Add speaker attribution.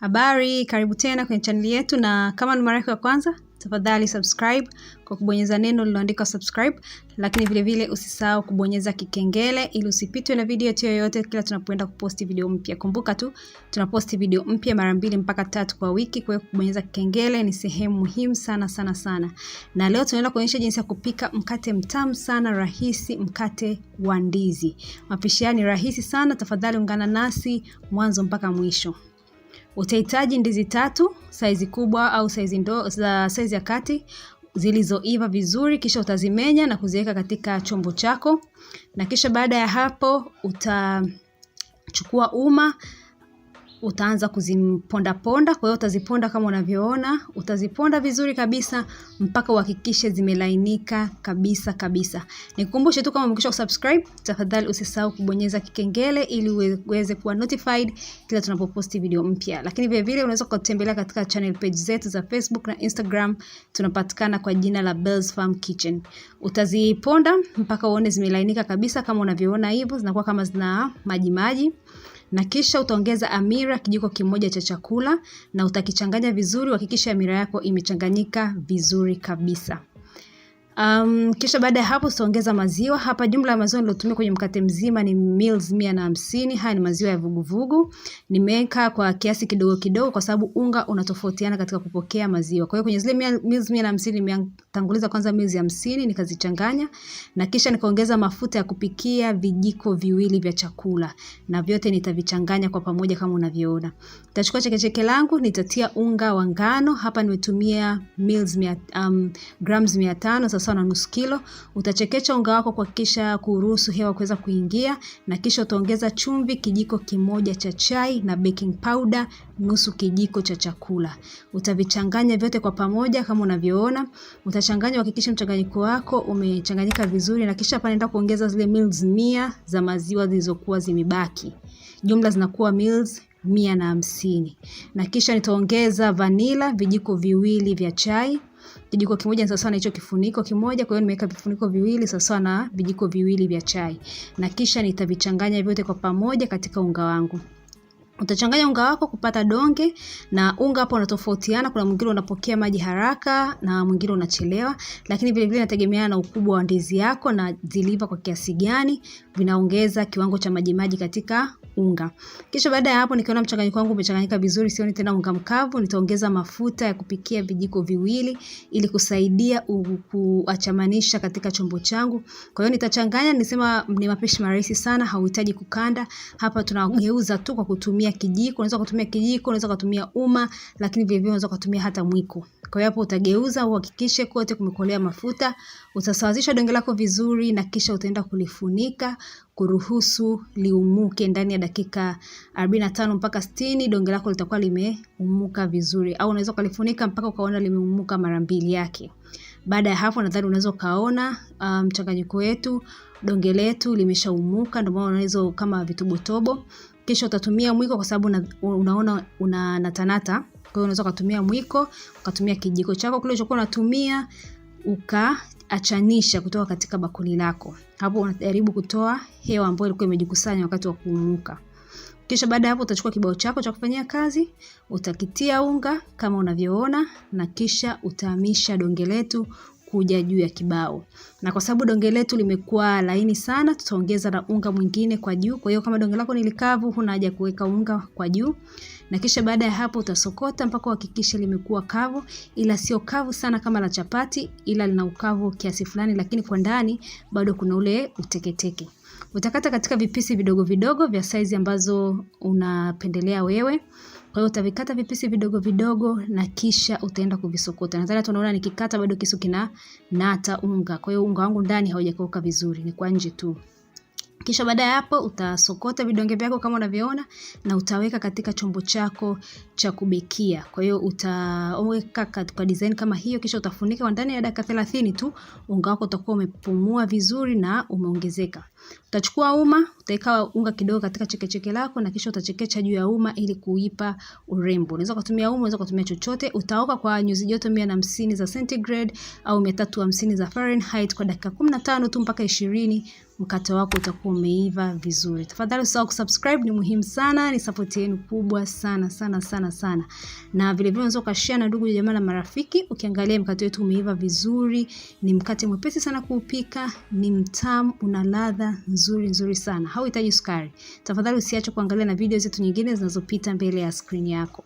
Speaker 1: Habari, karibu tena kwenye chaneli yetu, na kama ni mara yako ya kwanza, tafadhali subscribe kwa kubonyeza neno lililoandikwa subscribe, lakini vile vile usisahau kubonyeza kikengele ili usipitwe na video yetu yoyote kila tunapoenda kuposti video mpya. Kumbuka tu tunaposti video mpya mara mbili mpaka tatu kwa wiki, kwa hiyo kubonyeza kikengele ni sehemu muhimu sana sana sana. Na leo tunaenda kuonyesha jinsi ya kupika mkate mtamu sana rahisi, mkate wa ndizi. Mapishi ni rahisi sana, tafadhali ungana nasi mwanzo mpaka mwisho. Utahitaji ndizi tatu saizi kubwa au saizi ndo, za saizi ya kati zilizoiva vizuri, kisha utazimenya na kuziweka katika chombo chako, na kisha baada ya hapo utachukua uma utaanza ponda. Kwa hiyo utaziponda kama unavyoona, utaziponda vizuri kabisa mpaka uhakikishe zimelainika kabisa kabisa. Nikukumbushe tu, kama umekisha kusubscribe, tafadhali usisahau kubonyeza kikengele ili uweze kuwa notified kila tunapoposti video mpya. Lakini vile vile unaweza kutembelea katika channel page zetu za Facebook na Instagram, tunapatikana kwa jina la Bells Farm Kitchen. Utaziponda mpaka uone zimelainika kabisa, kama unavyoona hivyo, zinakuwa kama zina maji maji na kisha utaongeza amira kijiko kimoja cha chakula na utakichanganya vizuri. Hakikisha amira yako imechanganyika vizuri kabisa. Um, kisha baada ya hapo tutaongeza maziwa. Hapa jumla ya maziwa nilotumia kwenye mkate mzima ni mils mia na hamsini. Haya ni maziwa ya vuguvugu, nimeweka kwa kiasi kidogo kidogo, kwa sababu unga unatofautiana katika kupokea maziwa. Kwa hiyo kwenye zile mils mia na hamsini nimetanguliza kwanza mils hamsini nikazichanganya, na kisha nikaongeza mafuta ya kupikia vijiko viwili vya chakula, na vyote nitavichanganya kwa pamoja kama unavyoona. Nitachukua chekecheke langu, nitatia unga wa ngano. Hapa nimetumia mils mia, um, grams mia tano sasa sawa na nusu kilo. Utachekecha unga wako kuhakikisha kuruhusu hewa kuweza kuingia, na kisha utaongeza chumvi kijiko kimoja cha chai na baking powder nusu kijiko cha chakula. Utavichanganya vyote kwa pamoja kama unavyoona. Utachanganya uhakikishe mchanganyiko wako umechanganyika vizuri, na kisha panaenda kuongeza zile mils mia za maziwa zilizokuwa zimebaki. Jumla zinakuwa mils mia na hamsini na kisha nitaongeza vanila vijiko viwili vya chai Kijiko kimoja ni sawasawa na hicho kifuniko kimoja, kwa hiyo nimeweka vifuniko viwili sawasawa na vijiko viwili vya chai, na kisha nitavichanganya vyote kwa pamoja katika unga wangu. Utachanganya unga wako kupata donge, na unga hapo unatofautiana. Kuna mwingine unapokea maji haraka na mwingine unachelewa, lakini vilevile inategemeana na ukubwa wa ndizi yako na ziliva kwa kiasi gani, vinaongeza kiwango cha majimaji katika unga. Kisha baada ya hapo nikiona mchanganyiko wangu umechanganyika vizuri, sioni tena unga mkavu, nitaongeza mafuta ya kupikia vijiko viwili ili kusaidia kuachamanisha katika chombo changu. Kwa hiyo nitachanganya, nisema ni mapishi marahisi sana, hauhitaji kukanda. Hapa tunageuza tu kwa kutumia kijiko, unaweza kutumia kijiko, unaweza kutumia uma, lakini vilevile unaweza kutumia hata mwiko. Kwa hiyo hapo utageuza uhakikishe kote kumekolea mafuta, utasawazisha donge lako vizuri na kisha utaenda kulifunika kuruhusu liumuke ndani ya dakika 45 mpaka 60, donge lako litakuwa limeumuka vizuri, au unaweza ukalifunika mpaka ukaona limeumuka mara mbili yake. Baada ya hapo nadhani unaweza ukaona ah, mchanganyiko um, wetu donge letu limeshaumuka, ndio maana unaweza kama vitobotobo. Kisha utatumia mwiko kwa sababu una, unaona una natanata kwa hiyo unaweza ukatumia mwiko, ukatumia kijiko chako kile ulichokuwa unatumia ukaachanisha kutoka katika bakuli lako. Hapo unajaribu kutoa hewa ambayo ilikuwa imejikusanya wakati wa kuumuka. Kisha baada ya hapo utachukua kibao chako cha kufanyia kazi, utakitia unga kama unavyoona na kisha utahamisha donge letu kuja juu ya kibao. Na kwa sababu donge letu limekuwa laini sana, tutaongeza na unga mwingine kwa juu. Kwa hiyo kama donge lako ni likavu, huna haja kuweka unga kwa juu. Na kisha baada ya hapo utasokota mpaka uhakikishe limekuwa kavu, ila sio kavu sana kama la chapati, ila lina ukavu kiasi fulani, lakini kwa ndani bado kuna ule uteketeke. Utakata katika vipisi vidogo vidogo vya saizi ambazo unapendelea wewe. Kwa hiyo utavikata vipisi vidogo vidogo na kisha utaenda kuvisokota. Nadhani hata unaona nikikata bado kisu kina nata unga. Kwa hiyo unga wangu ndani haujakauka vizuri, ni kwa nje tu. Kisha baada ya hapo utasokota vidonge vyako kama unavyoona na utaweka katika chombo chako cha kubekia. Kwa hiyo utaweka kwa design kama hiyo, kisha utafunika kwa ndani ya dakika 30 tu, unga wako utakuwa umepumua vizuri na umeongezeka. Utachukua uma, utaweka unga kidogo katika chekecheke lako na kisha utachekecha juu ya uma ili kuipa urembo. Unaweza kutumia uma, unaweza kutumia chochote. Utaoka kwa nyuzi joto 150 za centigrade au 350 za Fahrenheit kwa dakika 15 tu mpaka 20 mkate wako utakuwa umeiva vizuri. Tafadhali usahau kusubscribe, ni muhimu sana, ni support yenu kubwa sana sana sana sana. Na vile vile unaweza ukashare na ndugu jamaa na marafiki. Ukiangalia mkate wetu umeiva vizuri, ni mkate mwepesi sana kuupika, ni mtamu, una ladha nzuri nzuri sana, hauhitaji sukari. Tafadhali usiache kuangalia na video zetu nyingine zinazopita mbele ya screen yako.